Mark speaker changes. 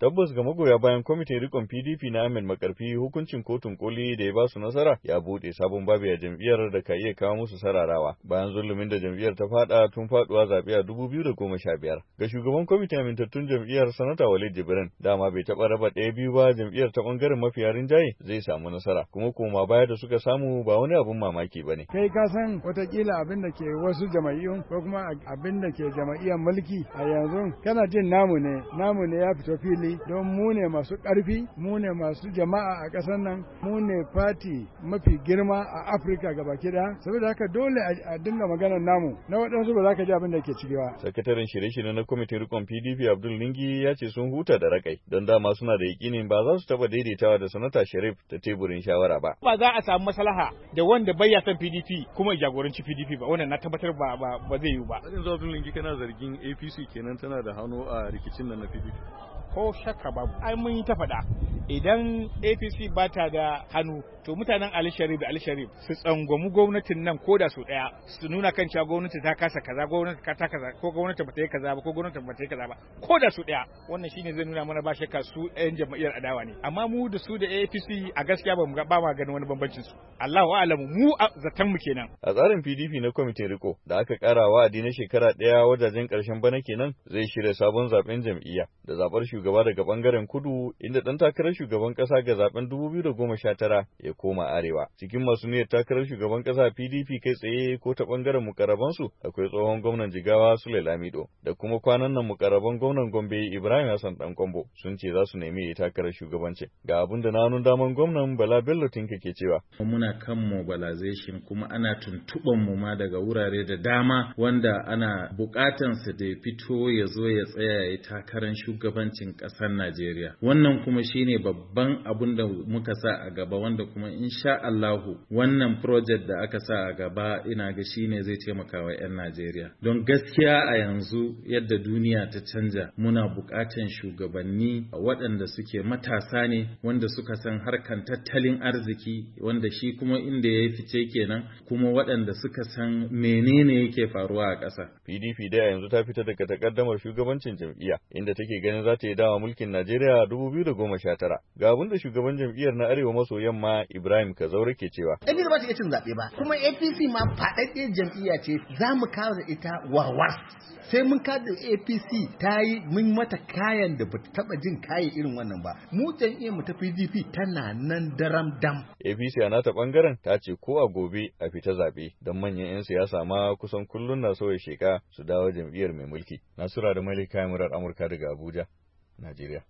Speaker 1: Tabbas ga magoya bayan kwamitin rikon PDP na Ahmed Makarfi hukuncin kotun koli da ya ba su nasara ya buɗe sabon babu ya jam'iyyar da ka iya kawo musu sararawa bayan zulumin da jam'iyyar ta fada tun faduwa zaɓe a 2015. Ga shugaban kwamitin amintattun jam'iyyar sanata Walid Jibrin dama bai taɓa raba ɗaya biyu ba jam'iyyar ta ɓangaren mafiya rinjaye zai samu nasara kuma koma baya da suka samu ba wani abin mamaki ba ne.
Speaker 2: Kai ka san watakila abin da ke wasu jama'iyyun ko kuma abin da ke jama'iyyar mulki a yanzu kana jin namu ne namu ne ya fito fili hankali don mu ne masu ƙarfi mu ne masu jama'a a ƙasar nan mu ne fati mafi girma a afirka Gaba ɗaya saboda haka dole a dinga maganar namu na waɗansu ba za ka ji abin da ke ciki ba
Speaker 1: sakataren shirye-shirye na kwamitin rikon pdp abdul lingi ya ce sun huta da rakai don dama suna da yakinin ba za su taɓa daidaitawa da sanata sharif ta teburin shawara ba
Speaker 2: ba za a samu maslaha da wanda bai son pdp kuma jagoranci pdp ba wannan na tabbatar ba ba zai yiwu ba.
Speaker 1: Abdul lingi kana zargin apc kenan tana da hannu a rikicin nan na pdp.
Speaker 2: ko shakka babu ai mun yi ta faɗa idan apc ba ta da hannu to mutanen alisharif da alisharif su tsangwamu gwamnatin nan ko da su daya su nuna kan cewa gwamnati ta kasa kaza gwamnati ta kaza ko gwamnati ba ta yi kaza ba ko gwamnati ba ta yi kaza ba ko da su daya wannan shine zai nuna mana ba shakka su ɗayan jam'iyyar adawa ne amma mu da su da apc a gaskiya ba mu ba ma ganin wani bambancin su Allahu a'lamu mu a zaton mu kenan
Speaker 1: a tsarin PDP na kwamitin riko da aka kara a na shekara daya wajajen karshen bana kenan zai shirya sabon zaben jam'iyya da zabar shugaba daga bangaren kudu inda dan takarar shugaban kasa ga zaben 2019 ya koma arewa cikin masu niyyar takarar shugaban kasa PDP kai tsaye ko ta bangaren mukarabansu akwai tsohon gwamnan Jigawa Sule Lamido da kuma kwanan nan mukaraban gwamnan Gombe Ibrahim Hassan Dankombo sun
Speaker 3: ce za su nemi ya takarar shugabanci ga abin da nanun daman gwamnan Bala Bello Tinka ke cewa muna kan mobilization kuma ana tuntuban mu ma daga wurare da dama wanda ana bukatan su da fito ya zo ya tsaya ya takarar shugabancin kasar Najeriya wannan kuma shine babban abin da muka sa a gaba wanda kuma insha Allahu wannan project da aka sa a gaba ina ga shine zai taimaka wa 'yan Najeriya. Don gaskiya a yanzu yadda duniya ta canja muna buƙatan shugabanni waɗanda suke matasa ne wanda suka san harkan tattalin arziki wanda shi kuma inda ya fice kenan kuma waɗanda suka san menene yake faruwa a ƙasa. PDP a yanzu ta fita daga
Speaker 1: takaddamar shugabancin jam'iyya
Speaker 3: inda take ganin za ta yi dawa mulkin
Speaker 1: Najeriya goma sha tara. Ga abin da shugaban jam'iyyar na Arewa maso yamma Ibrahim Kazaure ke
Speaker 2: cewa. APC ba ta iya cin zaɓe ba, kuma APC ma faɗaɗɗiyar jam'iyya ce za mu kawo da ita warwar. Sai mun kada APC ta yi mun mata kayan da ba taɓa jin kayan irin wannan ba. Mu jam'iyyar mu ta PDP tana nan daram dam.
Speaker 1: APC a nata ɓangaren ta ce ko a gobe a fita zaɓe don manyan 'yan siyasa ma kusan kullum na sauya sheka su dawo jam'iyyar mai mulki. Nasura da Malika Yamurar Amurka daga Abuja, Najeriya.